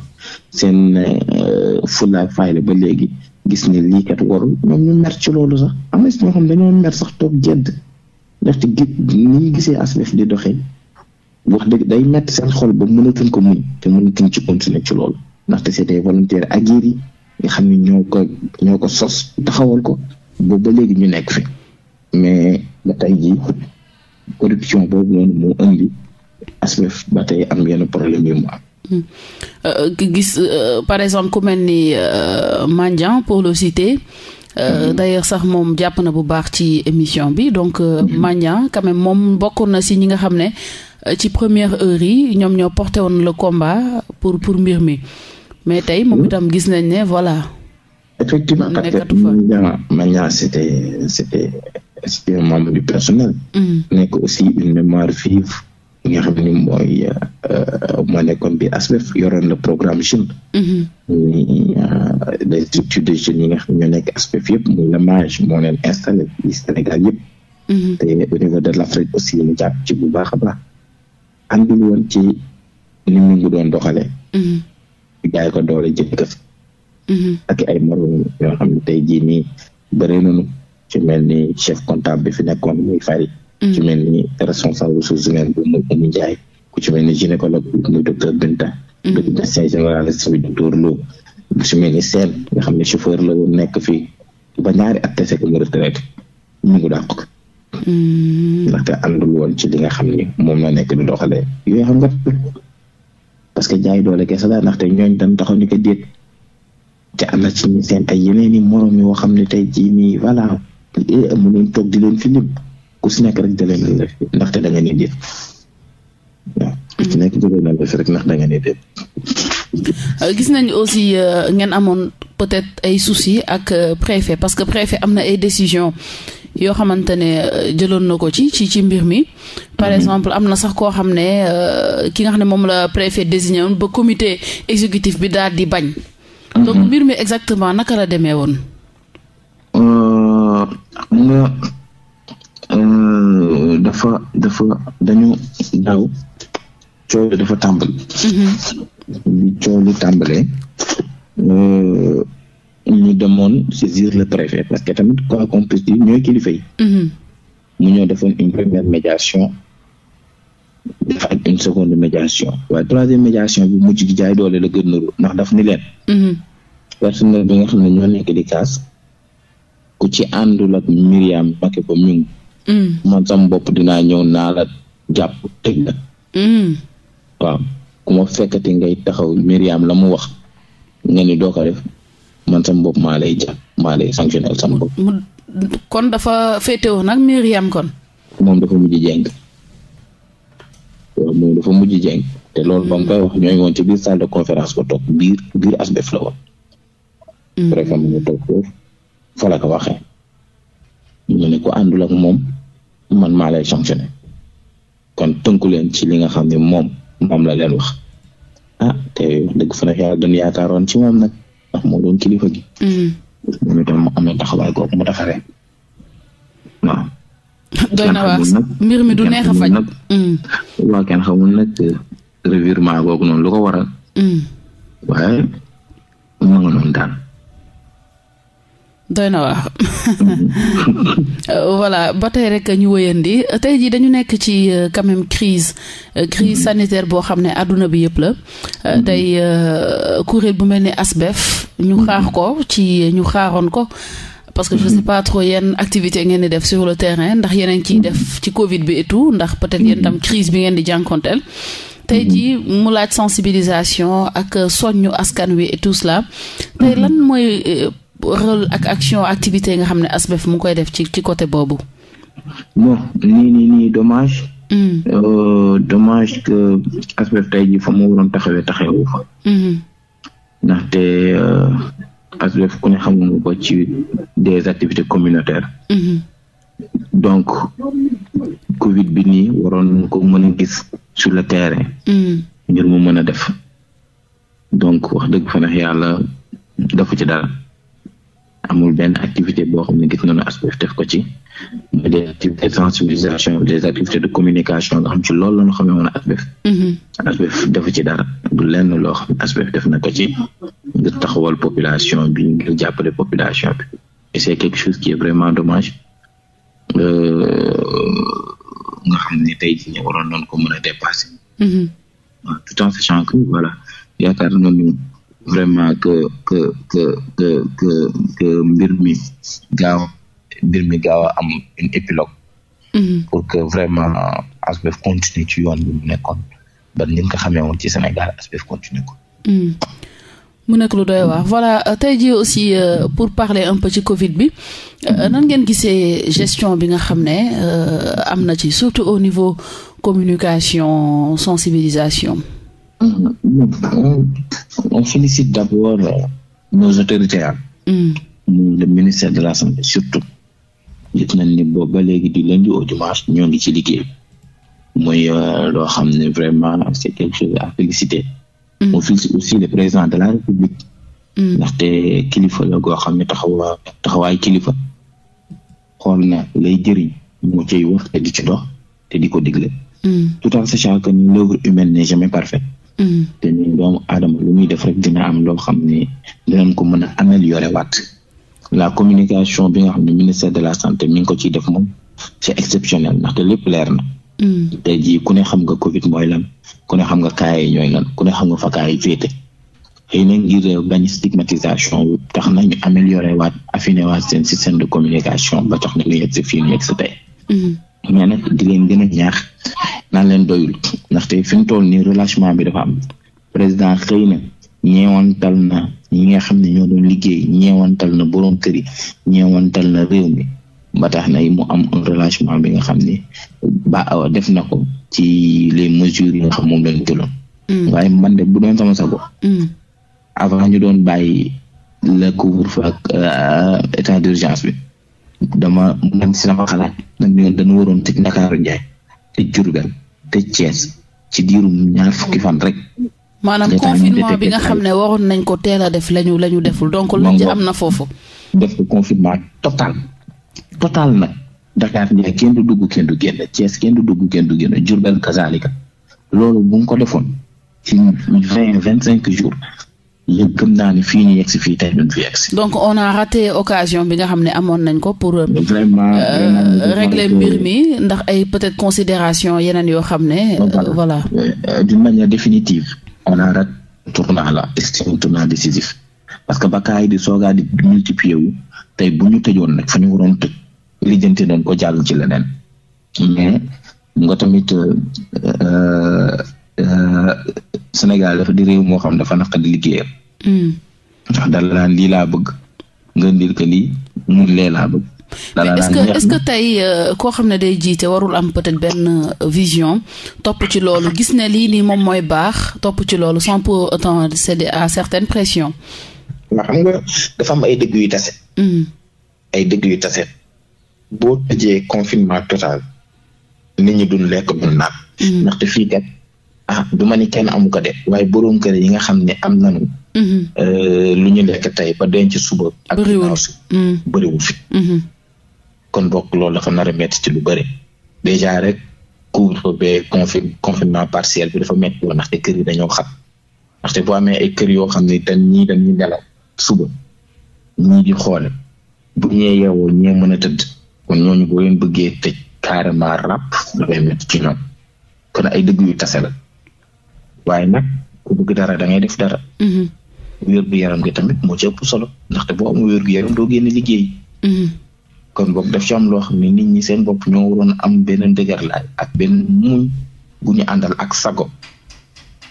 seen euh, fulla ba léegi gis ne lii kat warul ñoom ñu mer ci loolu sax am na si ñoo xam dañoo mer sax toog jedd ndaxte gi ni ñu gisee ASBEF di doxee wax dëgg day metti seen xol ba mënatuñ ko muñ te mënatuñ ci continuer ci loolu ndaxte c'est des volontaires aguerris yi nga xam ne ñoo ko ñoo ko sos taxawal ko boobu ba léegi ñu nekk fi mais ba tey jii corruption boobu noonu moo indi ASBEF ba tey am yenn problème yi mu Hmm. Euh, euh, gis euh, par exemple ku mel ni Mandiang pour le citer. Euh, hmm. sax moom jàpp na bu baax ci émission bi donc hmm. mandian mmh. moom bokkoon na si ñi nga xam ne ci première heure yi ñoom ñoo porté woon la combat pour pour mbir mi mais tey moom itam gis nañ ne voilà. effectivement nekkatu fa Mandiang Mandiang c'était c'était du personnel. nekk aussi une mémoire vive nga xam ni mooy. ma nekkoon bi ASBEF yoroon le programme jeune mhm. muy les euh, a de jeunes yi nga xam ñoo nekk ASBEF yëpp muy la mage moo leen installé ci Sénégal yëpp mhm. te au niveau de l'Afrique aussi ñu jàpp ci bu baax a baax àndul woon ci ni mu ngi doon doxalee mhm. jaay ko doole jëkkëf ak ay moroom yoo xam ne tey jii nii bëri ci mel ni chef comptable fi nekkoon muy fari ci mel ni responsable ressources humaines bi muy Oumy ku ci mel ni gynécologue muy docteur Binta. Mm-hmm. docteur médecin généraliste bi docteur Lo. ku ci mel nga xam ne chauffeur la nekk fi ba ñaari at tese ko mu retraite mu ngi dàq ko. Mm-hmm. ndaxte àndul woon ci li nga xam ni moom la nekk di doxalee. yooyu xam nga parce que jaay doole kese la ndaxte ñooñ dañ taxaw ni ko déet. te am na ci seen ay yeneen i morom yoo xam ne tey jii nii voilà. Eh, mu leen toog di fi lim ku si nekk rek da leen ndaxte ni déet. ku na les da ngeen di dem. Euh, gis nañ aussi euh, ngeen amoon peut-être ay soucis ak euh, préfet parce que préfet am na ay décisions yoo xamante ne jëloon na ko ci ci ci mbir mi. par mhm. exemple am na sax koo xam ne ki nga xam ne moom la préfet désigné ba comité exécutif bi daal di bañ. Mhm. donc mbir mi exactement naka la demee woon. xam nga dafa dafa dañu daaw. coow dafa tàmbali. Mm-hmm. bi coow lu tàmbalee. Euh, ñu demoon saisir le préfet parce que tamit quoi qu'on puisse ñooy kilifa mm-hmm. mu ñoo defoon une première médiation. def ak une seconde médiation waaye troisième médiation ni leen mm-hmm. personnel bi nga xam ne ñoo nekk di kaas ku ci àndul ak Myriam Makeba ko ñung mm. man sama bopp dinaa ñëw naa la jàpp tëj la mm. quoi ku ma fekkati ngay taxaw Myriam la mu wax nga ni doo ko man sama bopp maa lay jàpp maa lay sanctionné sama bopp. kon dafa féetewoo nag Myriam kon. moom dafa mujj jeng. waaw moom dafa mujj te loolu ba mu koy wax ñooy woon ci biir salle de conférence ba toog biir biir asbef la woon. préfet mm. mu toog foofu fa la ko waxee. ñu maa lay sanctionné kon tënku leen ci li nga xam ne moom moom la leen wax ah te dëgg fa nag yàlla doon ci moom nag ndax moo kilifa gi. moom mm-hmm. itam mu amee taxawaay googu mu mbir mi du neex a faj. Mm. waaw kenn xamul nag euh, revirement googu noonu lu ko waral. Mm. waaye mu nga noonu doy na waar voilà ba tey rek ñu wëyandi tey jii dañu nekk ci euh, quand même crise euh, crise sanitaire boo xam ne àdduna bi yëpp la euh, mm-hmm. tey kuréel bu mel ni ASBEF ñu mm-hmm. xaar ko ci ñu xaaroon ko parce que je sais mm-hmm. pas trop yenn activité ngeen di def sur le terrain ndax yeneen ciy def ci Covid bi et ndax peut-être yéen tam crise bi ngeen di jànkonteel tey ji mu laaj sensibilisation ak soññu askan wi et tout tey lan mooy rôle ak action activité yi nga xam ne ASBEF mu koy def ci ci côté boobu. bon nii ni ni dommage. Mm. Euh, dommage que ASBEF fa mu waroon taxawee taxawee fa. Mm-hmm. ndaxte euh, ASBEF ku ne xamuñu ci des activités communautaires. Mm-hmm. donc Covid bi nii waroon ko mën gis sur le terrain. Mm. ngir mu mën a def. donc wax dëgg fa neex yàlla defu ci dara. amul benn activité boo xam ne gis nañu aspect def ko ci mooy des activités de sensibilisation des activités de communication nga xam ci loolu la ñu xamee woon aspect mm-hmm. ci dara du loo xam def na ko ci ngir taxawal population bi jàppale population bi et vraiment dommage euh, nga xam ne tey jii ñu waroon ko mën a dépasser mm-hmm. tout en sachant que voilà yaakaar nañu vraiment que que que mbir mi gaaw mbir mi gaaw a am une épilogue mm-hmm. pour que vraiment ASBEF ci yoon bi ko xamee woon ci Sénégal mm-hmm. mu nekk lu doy waar voilà euh, tey jii aussi euh, pour parler un peu ci bi euh, mm-hmm. nan ngeen gisee gestion bi nga xam ne am na ci surtout au niveau communication sensibilisation On, on félicite d'abord nos autorités ministère de la santé surtout. gis nañ ni boobu ba du lundi au dimanche ñoo ngi ci liggéey muy euh, loo xam ne vraiment c'est quelque chose à féliciter. Mm. aussi le président de la république. Mm. ndaxte kilifa la goo xam ne taxawa taxawaay kilifa. xool na lay jëriñ mu ciy wax te di ci dox te di ko digle. Mm. tout en sachant que l'œuvre humaine n'est jamais parfaite. Mm. te ñun doomu aadama lu muy def rek dina am loo xam ne dinañ ko mën a améliorer waat la communication bi nga xam ne ministère de la santé mi ngi ko ciy def moom c'est exceptionnel ndaxte lépp leer na. Mm. tey jii ku ne xam nga Covid mooy lan ku ne xam nga kaay yi ñooy lan ku ne xam nga fa yi yi féete xëy na ngir bañ stigmatisation tax na ñu améliorer waat affiner waat seen système de communication ba tax na ñu yegg si fii ne yegg si mais nag di gën a ñaax naan leen doyul ndaxte fi ni toll bi dafa am président xëy na ñeewantal na ñi nga xam ne doon liggéey ñeewantal na borom kër yi ñeewantal na réew mi ba tax na mu am un relâchement bi nga xam ne ba def na ko ci le mesures yi nga xam moom lañ jëloon. Mm. waaye man de bu doon sama sago. Mm. avant ñu doon bàyyi le couvre-feu ak euh, état d'urgence bi. dama man si sama xalaat nag ñoom dañu waroon tëj Ndakaaru Njaay te Diourbel te cees ci diirum ñaar fukki fan rek. maanaam confinement bi nga xam ne waroon nañ ko teel a def lañu lañu deful donc lu ci am na foofu. def ko confinement total total nag Dakar Njaay kenn du dugg kenn du génn Thiès kenn du dugg kenn du génn Diourbel kazaalika loolu bu ñu ko defoon vingt cinq jours gëm naa ne fi yegg si. donc on a raté occasion bi nga xam ne amoon nañ ko pour. Euh, euh, vraiment régler mbir ndax ay peut-être considération yeneen yoo xam ne. voilà euh, d'une manière définitive on a raté tournant là c'est un tournant décisif parce que bakkaay yi di soogaa di multiplier wu tey bu ñu tëjoon nag fa ñu waroon tëj lijjanti nañ ko jàll ci leneen mais nga tamit. Euh, Sénégal dafa di réew moo xam dafa naqa di liggéeyam. Hmm. ndax dala naan lii laa bëgg nga ndil ko lii mun lee bëgg. mais est-ce que est-ce que tey euh, koo xam ne day jiite warul am peut-être benn euh, vision topp ci loolu gis ne lii nii moom mooy baax topp ci loolu sans pour autant céder à certaines pressions. xam nga dafa am ay dëgg yu tase. Hmm. ay yu tase boo tëjee confinement total nit ñi duñ lekk duñ naan. Hmm. ndaxte fii kat ah du ma ni kenn amu ko de waaye borom kër yi nga xam ne am na mhm. euh, lu ñu lekk tay ba denc suba. ak ginnaaw si mhm. bëriwul fi. Mhm. kon bokk loolu dafa nar a métti ci lu bëri déjà rek couvre-feu confinement partiel bi dafa métti woon ndaxte kër yi dañoo xam ndaxte kër yoo xam ne dañ ñii dañuy nelaw suba ñii di xoole bu ñee yeewoo ñee mën a tëdd kon ñooñu boo leen tëj carrément rap dafay métti ci ñoom kon ay dëgg yu tase waaye nag ku bëgg dara da ngay def dara. Mm-hmm. wér gu yaram gi tamit moo ci ëpp solo ndaxte boo amul wér gu yaram doo génn liggéey. Mm-hmm. kon boog def ci am loo xam ne nit ñi seen bopp ñoo waroon am benn dëgërlaay ak benn muñ bu ñu àndal ak sago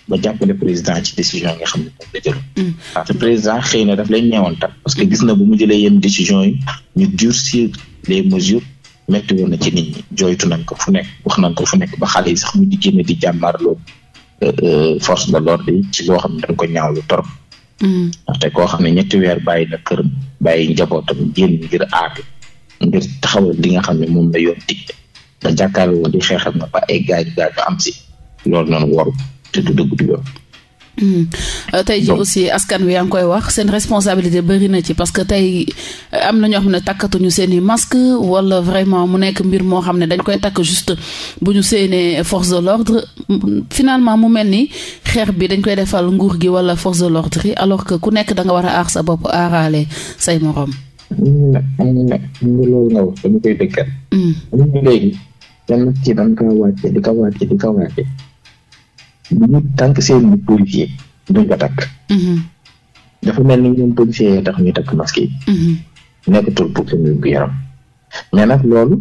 ba jàppale président ci décision yi nga xam ne mm-hmm. président xëy na daf leen ñeewoon tam parce que gis na bu mu jëlee yenn décision yi ñu durcir les mesures metti woon na ci nit jooytu nañ ko fu nekk wax nañ ko fu nekk ba xale yi sax mu di génne di jàmmaarloo Euh, force de l'ordre yi ci loo xam ne dañ ko ñaawlu torop mm. te koo xam ne ñetti weer bàyyi na kër bàyyi njabootam génn ngir aatu ngir taxawal li nga xam ne moom la yoon dig nga jàkkaarloo di xeexal nga ba ay gaañ gaañ am si loolu noonu waru te du dëgg du Euh, tey ji aussi askan wi yaa ngi koy wax seen responsabilité bëri na ci parce que tey euh, am na ñoo xam ne takkatuñu seen i masque wala vraiment mu nekk mbir moo xam ne dañ koy takk juste bu ñu séenee force de l'ordre finalement mu mel ni xeex bi dañ koy defal nguur gi wala force de l'ordre alors que ku nekk danga war a aar sa bopp aaraale say moroom. am mm. ci dañ ko wàcce ñu tànk seen policier duñ ko takk mhm. dafa mel ni ñoom policier yi tax ñu takk masque yi mhm. nekkatul pour suñu bu yaram mais nag loolu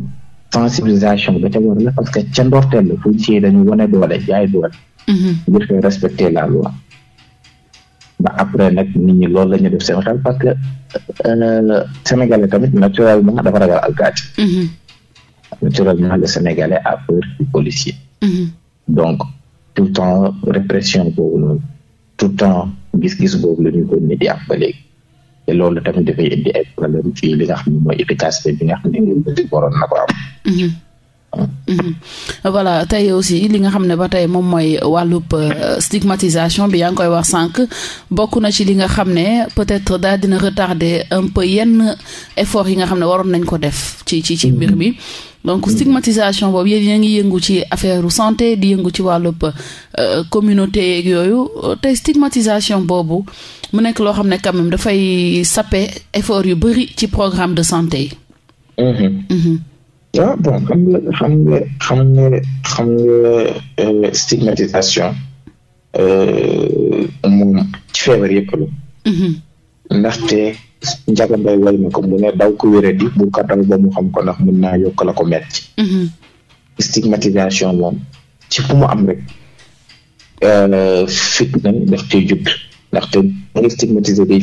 sensibilisation ba ca war la parce que ca ndorteel la policier yi dañu wane doole jaay doole mhm. ngir koy respecter la loi ba après nag nit ñi loolu la def seen parce que euh, sénégalais tamit naturellement dafa ragal alkaati naturellement le sénégalais a peur du policier donc tout le temps répression boobu noonu tout le temps gis-gis boobu la ñu ko nit di am ba léegi te loolu tamit defe indi ay li nga xam ne mooy efficacité bi nga xam ne waroon na ko am. Mhm. Mm-hmm. voilà tey aussi li nga xam ne ba tey moom mooy wàllub euh, stigmatisation bi yaa ngi koy wax sànq bokk na ci li nga xam ne peut-être daal dina retarder un peu yenn effort yi nga xam ne waroon nañ ko def ci ci ci mbir mi donc stigmatisation boobu yéen yaa ngi yëngu ci affaire santé di yëngu ci wàllub euh, communauté yeeg yooyu tey stigmatisation boobu mu nekk loo xam ne quand dafay saper effort yu bëri ci programme de santé yi. Mm-hmm. Mm-hmm. ah bon xam nga xam nga xam nga xam euh, stigmatisation euh, moom ci feebar yëpp la mm-hmm. ndaxte Njaga Mbay way na ko mu ne daw ko wéra di bu ko ba mu xam ko ndax mën naa yokk la ko metti mm-hmm. stigmatisation moom ci fu mu am rek euh, fitna daf koy ndaxte mu ngi stigmatisé day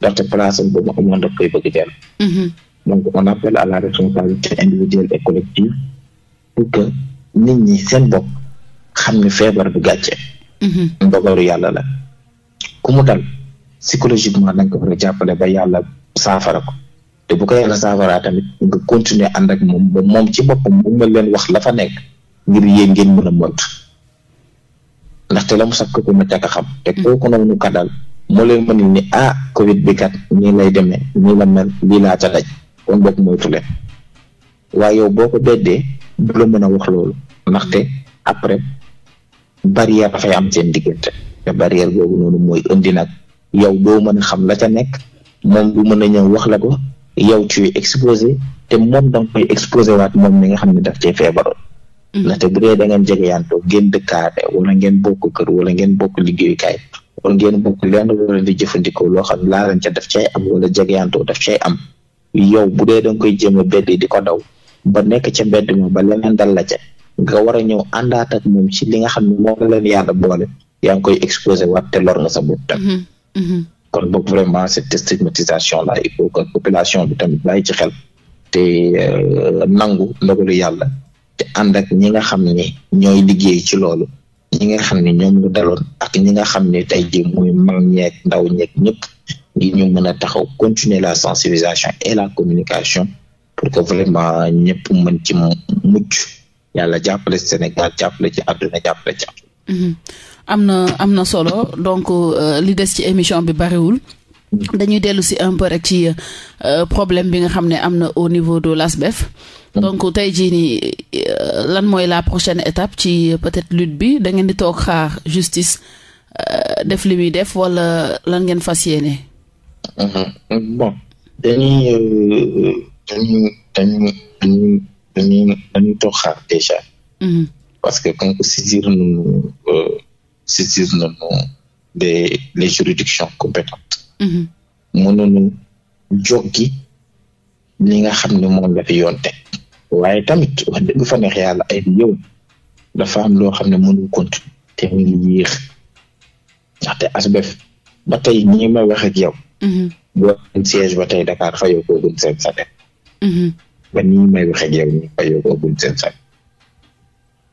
ndaxte place ba mu amoon koy bëgg jël donc on appelle à la responsabilité individuelle et collective pour que nit ñi seen bopp xam ne feebar bi gàcce mhm. ndogalu yàlla la ku mu dal psychologiquement nañ ko jàppale ba yàlla saafara ko te bu ko yàlla saafaraa tamit nga continuer ànd ak moom ci boppam mu leen wax la fa nekk ngir yéen ngeen mën a mont ndaxte la mu sakk ko ma caka xam te mhm. ko noonu ka dal moo leen ni ah covid bi kat nii lay demee nii la mel lii laa daj kon boog moytu leen waaye yow boo ko beddee du la mën a wax loolu ndaxte après barrière dafay am seen diggante te barrière boobu noonu mooy indi nag yow doo mën xam la ca nekk moom du mën a ñëw wax la ko yow tu es te moom da nga koy waat moom mi nga xam ne daf cee feebaroon. Mm-hmm. ndaxte bu dee da ngeen jegeyaantoo ngeen dëkkaate wala ngeen bokk kër wala ngeen bokk liggéeyukaay wala ngeen bokk lenn wala di jëfandikoo loo xam laa lañ ca daf cay am wala jegeyaantoo daf cay am. yow bu dee da nga koy jéem a beddi di ko daw ba nekk ca mbedd ma ba leneen dal la ca nga war a ñëw àndaat ak moom ci li nga xam ne moom leen yàlla boole yaa ngi koy exposé waat te lor nga sa bopp tam mhm, mhm. kon boog vraiment cette stigmatisation là il faut que population bi tamit bàyyi ci xel te euh, nangu ndogalu yàlla te ànd ak xam ne ñooy liggéey ci loolu ñi xam ne ñoom lu daloon ak ñi xam ne tey jii muy mag ñeeg ndaw ñeeg ñëpp ngir ñu mën a taxaw continuer la sensibilisation et la communication pour que vraiment ñëpp mën ci mucc yàlla jàppale Sénégal jàppale ci àdduna jàppale ci mhm. am na am na solo donc euh, li des ci émission bi bariwul mhm. dañuy dellu si un peu rek ci euh, problème bi nga xam ne am na au niveau de l'ASBEF mhm. donc tey jii nii euh, lan mooy la prochaine étape ci peut-être lutte bi da ngeen di toog xaar justice def li muy def wala lan ngeen fas yéene bon dañuy euh, dañuy dañuy dañuy dañuy dañuy toog xaar déjà. Mm-hmm. parce que comme que saisir nañu euh, saisir nañu des les juridictions compétentes. Mm-hmm. mënuñu joggi li nga xam ne moom la fi yoon teg. waaye tamit wax dëgg fa neex yàlla ay yow dafa am loo xam ne mënul continuer te mu ngi ndaxte asbef ba tey nii may wax ak Mm-hmm. boo xam siège ba tey Dakar fayoo ko gul seen salaire. Mm-hmm. ba nii may wax ak yow nii fayoo ko seen salaire.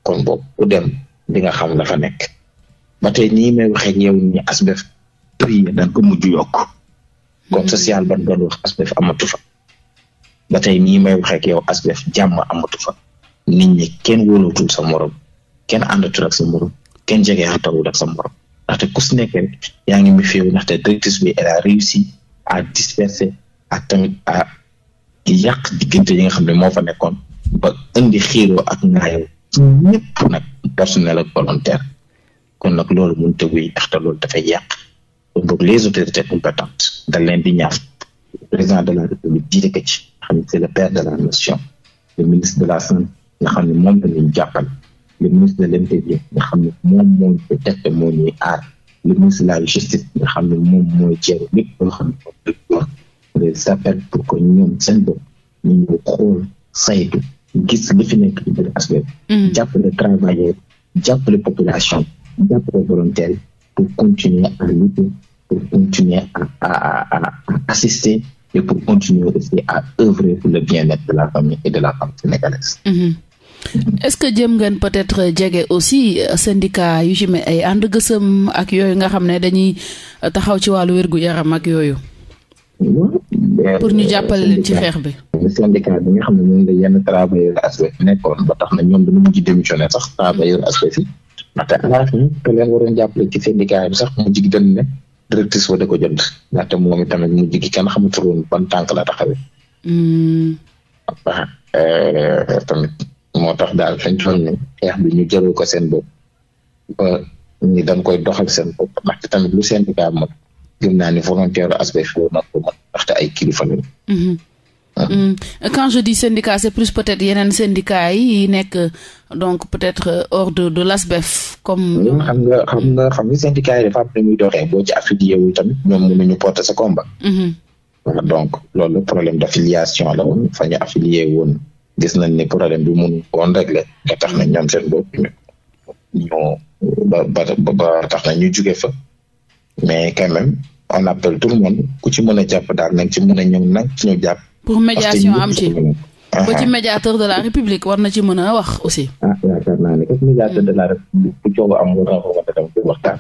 kon boobu ku dem di nga xam la fa nekk. ba tey nii may wax ak yow nii ASBEF prix ko mujj yokk. kon mm-hmm. social ban doon wax ASBEF amatu fa. ba tey nii may wax ak yow ASBEF jàmm amatu fa. nit ñi kenn wóolootul sa morom. kenn àndatul ak sa morom. kenn jege àndawul ak sa morom. ndaxte ku si nekk rek yaa ngi mi féewu ndaxte directrice bi elle a réussi à disperser ak tamit à yàq diggante yi nga xam ne moo fa nekkoon ba indi xiiro ak ñaayoo ci ñëpp nag personnel ak volontaire kon nag loolu mun te tëguy ndaxte loolu dafay yàq kon boog les autorités compétentes da leen di ñaaf président de la république jiite ko ci xam ne c'est le père de la nation le ministre de la santé nga xam ne moom la ñu jàppale le ministre de l'intérieur nga xam ne moom moo ñu teg moo ñuy aar le ministre de la justice nga xam ne moom mooy jeeru lépp loo xam ne moom les appels pour que ñoom seen bopp ñu ñu xool saytu gis li fi nekk ci biir aspect bi. Mm-hmm. jàppale travailleurs jàppale population jàppale volontaire pour continuer à lutter pour continuer à à à assister et pour continuer aussi à œuvrer pour le bien-être de la famille et de la femme sénégalaise. Mmh. est-ce que jëm ngeen peut-être jege aussi euh, syndicat yu ci mel ay ànd gësëm ak yooyu nga xam ne dañuy euh, taxaw ci wàllu wérgu yaram ak yooyu. pour ñu jàppale leen ci xeex bi. syndicat bi nga xam ne ñoom la yenn travailleurs ASBEF nekkoon ba tax na ñoom dañu mujj démissionné sax travailleurs ASBEF yi ndaxte ANACIM ñu te leen waroon jàppale ci syndicat bi sax mu jig dañ ne directrice ba da ko jënd ndaxte moom itamit mu jigi kenn xamatul woon ban tànk la taxawee. Hmm. Euh, tamit. moo tax daal fañ toll ni xeex bi ñu jëlul ko seen bopp ba ñi dañ koy doxal seen bopp ndaxte tamit lu syndicat mën gëm naa ni volontaire aspect foo na ko mën ndaxte ay kilifa lañu mm-hmm. Ah. Mm-hmm. quand je dis syndicat c'est plus peut-être yeneen syndicat yi yi nekk donc euh, de de l'ASBEF comme. Mm-hmm. ñoom xam nga xam nga xam nga syndicat yi dafa am lu muy doxee boo ci affilié wu tamit ñoom mënuñu porter sa combat. donc loolu problème d'affiliation la woon fa ñu affilié gis nañ ni problème bi mun woon réglé ba tax na ñoom seen bopp ñu ba ba ba tax na ñu jóge fa mais quand même on appelle tout le ku ci mën a jàpp daal nañ ci mën a ñëw nag ci ñu jàpp. pour médiation am ci ba ci ah, ah. médiateur de la république war na ci mën a wax aussi. ah yaakaar naa mm. am war a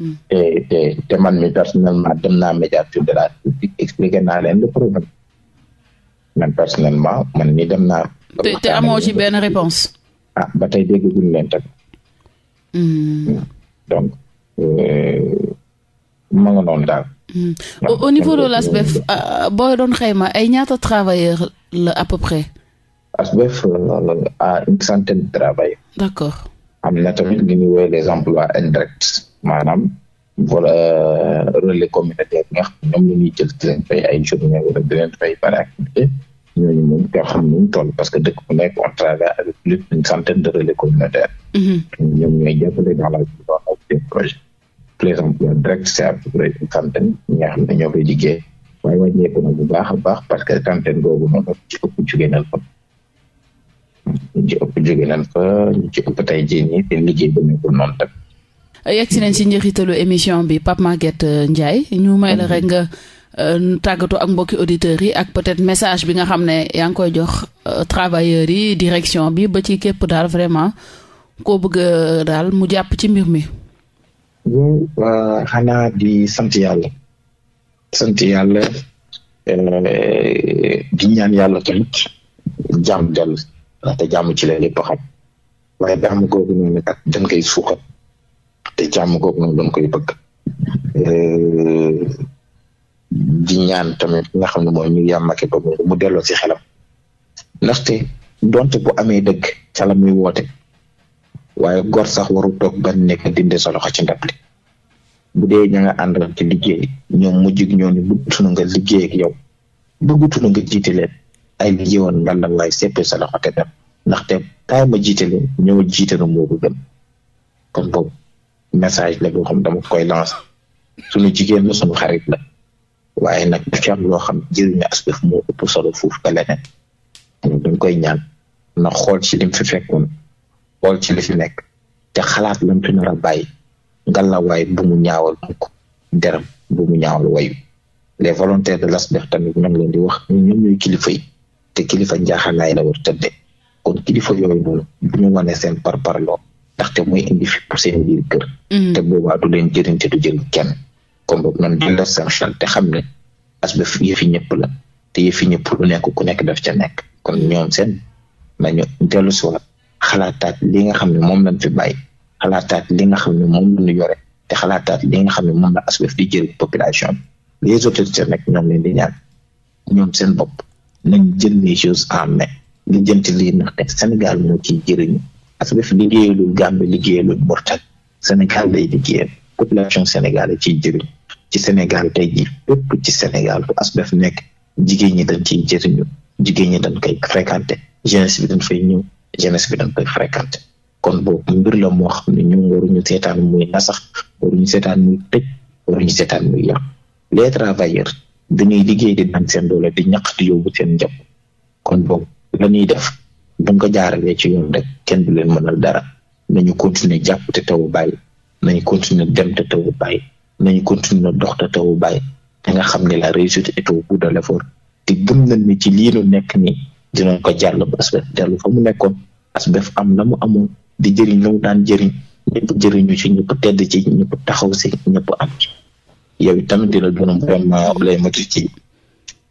mm. man mi personnellement dem naa médiateur de la république expliqué naa leen le problème. man personnellement man ni dem naa. te te amoo benn réponse a ah, ba tey dégguñu leen tamit. Hmm. Hmm. donc euh, ma nga noonu daal. Hmm. au niveau de l'ASBEF euh, boo doon xayma ay ñaata travailleurs la à peu près. ASBEF a euh, une centaine de travailleurs. d'accord. am na tamit li ñuy woowee les emplois indirects maanaam. voilà relais communautaire bi nga xam ñoom la ñuy jël di leen fay ay journée wala di leen fay par activité ñooñu moom nga xam nu mu toll parce que dëkk bu nekk on o avec plus d'une centaine de relais communautaires. Mhm. ñoom ñooy jàppale dans na bu baax a baax parce que centaine boobu noonu ci ëpp jugee nañ fa. ñu ci ëpp jugee fa ñu ci ëpp tey jii yegg si nañ si njëxitalu émission bi Pape Maguette euh, Ndiaye ñu may la rek nga euh, tàggatu ak mbokki auditeurs yi ak peut-être message bi nga xam ne yaa ngi koy jox euh, travailleurs yi direction bi ba ci képp daal vraiment koo bëgg daal mu jàpp ci mbir mi. bon xanaa sant yàlla. sant yàlla ñaan yàlla tamit jàmm dal ndaxte jàmm ci la lépp xam waaye koy suuxat te jàmm ko nag dañ koy bëgg eh, di ñaan tamit nga xam ne mooy ñu yàmmake ba mu delloo si xelam ndaxte donte bu amee dëgg ca la muy woote waaye gor sax waru toog ban nekk dinde sa loxo ci ndab bu dee ña nga àndal ci liggéey ñoom mujjug ñoo ne bëggutunu nga liggéey yow bëggutunu nga jiite ay liggéey woon lan la laay seppe salo loxo te ndaxte kaay ma jiite leen ñoo jiite nu moo message le boo xam dama koy lancer suñu jigéen la suñu xarit la waaye nag daf loo xam jëriñ na askan moo ëpp solo foofu ka leneen dañ koy ñaan na xool ci lim fi fekkoon xool ci li fi nekk te xalaat lam fi nar a bàyyi ngallaawaay bu mu ñaawal ko deram bu mu ñaawal wayu les volontaires de l'ASBEF tamit ñoo ngi leen di wax ñoom ñooy kilifa yi te kilifa njaaxanaay la war tëdde kon kilifa yooyu noonu bu ñu wane seen parparloo ndaxte mooy indi fi pour seen biir kër. Mhm. te boobaa du leen jëriñ te du jëriñ kenn. comme boobu noonu mhm. di la seen te xam ne asbef yëfi ñëpp la te yëfi ñëpp lu nekk ku nekk daf ca nekk kon mhm. ñoom seen nañu dellu si waat xalaataat li nga xam ne moom lañ fi bàyyi xalaataat li nga xam ne moom lañu yore te xalaataat li nga xam ne moom la asbef di jëriñ population bi les autorités nag ñoom leen di ñaan ñoom seen bopp nañ jël les choses en main li jënt lii ndaxte Sénégal moo ciy parce que def liggéeyalul Gambie liggéeyalul Mauritanie Sénégal lay liggéeyal population sénégalaise ci jëriñ ci Sénégal tey jii bépp ci Sénégal bu ASBEF nekk jigéen ñi dañ ci ciy jëriñu jigéen ñi dañ koy fréquenté jeunesse bi dañ fay ñëw jeunesse bi dañ koy fréquenté kon boobu mbir la moo xam ne ñun waruñu seetaan muy nasax waruñu seetaan muy tëj waruñu seetaan muy yàq les travailleurs dañuy liggéey di naan seen doole di ñaq di yóbbu seen njaboot kon boobu la ñuy def. buñ ko jaaralee ci yoon rek kenn du leen mënal dara nañu continuer jàpp te tawu bàyyi nañu continuer dem te tawu bàyyi nañu continuer dox te tawu bàyyi te nga xam ne la réussite est au bout de l'effort te gëm nañ ci lii nekk ni dina ko jàll ba asbef dellu fa mu nekkoon asbef am la mu amoon di jëriñ la mu daan jëriñ ñëpp jëriñu ci ñëpp tedd ci ñëpp taxaw si ñëpp am ci yow itam dina doon vraiment lay matu ci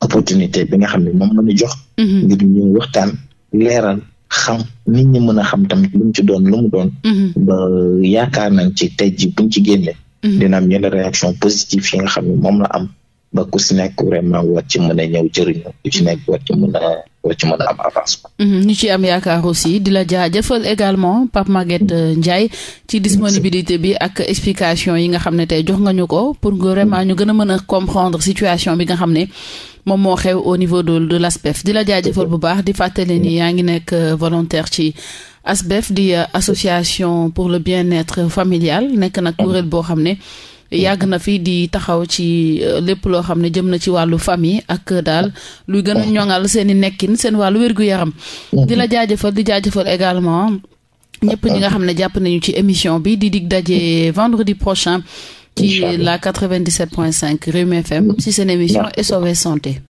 opportunité bi nga xam ne moom la ñu jox. Mm-hmm. ngir ñu waxtaan. leeral xam nit ñi mën a xam tamit lu ci doon lu mu doon. Mhm. ba yaakaar nañ ci tey ji buñ ci génnee. Mhm. dina am yenn réaction positive yi nga xam ne moom la am ba ku si nekk vraiment war ci mën a ñëw jëriñu ci nekk war ci mën a ci am avancement. Mhm, ñu ci am yaakaar aussi di la jëfal également Pape Maguette euh, Ndiaye ci disponibilité bi ak explication yi nga xam ne tey jox nga ñu ko pour vraiment ñu gën a mën a comprendre situation bi nga xam ne. moom moo xew au niveau de de l'ASPEF di la jaajëfal bu baax di fàttale ni yaa ngi nekk euh, volontaire ci ASBEF di euh, association pour le bien-être familial nekk nag kuréel boo xam ne yàgg na fi di taxaw ci euh, lépp loo xam ne jëm na ci wàllu famille ak daal luy gën a ñoŋal seen i nekkin seen wàllu wérgu yaram di la jaajëfal di jaajëfal également ñëpp ñi nga xam ne jàpp nañu ci émission bi di dig daje vendredi prochain ci la 97.5 Rewmi FM si seen émission SOS santé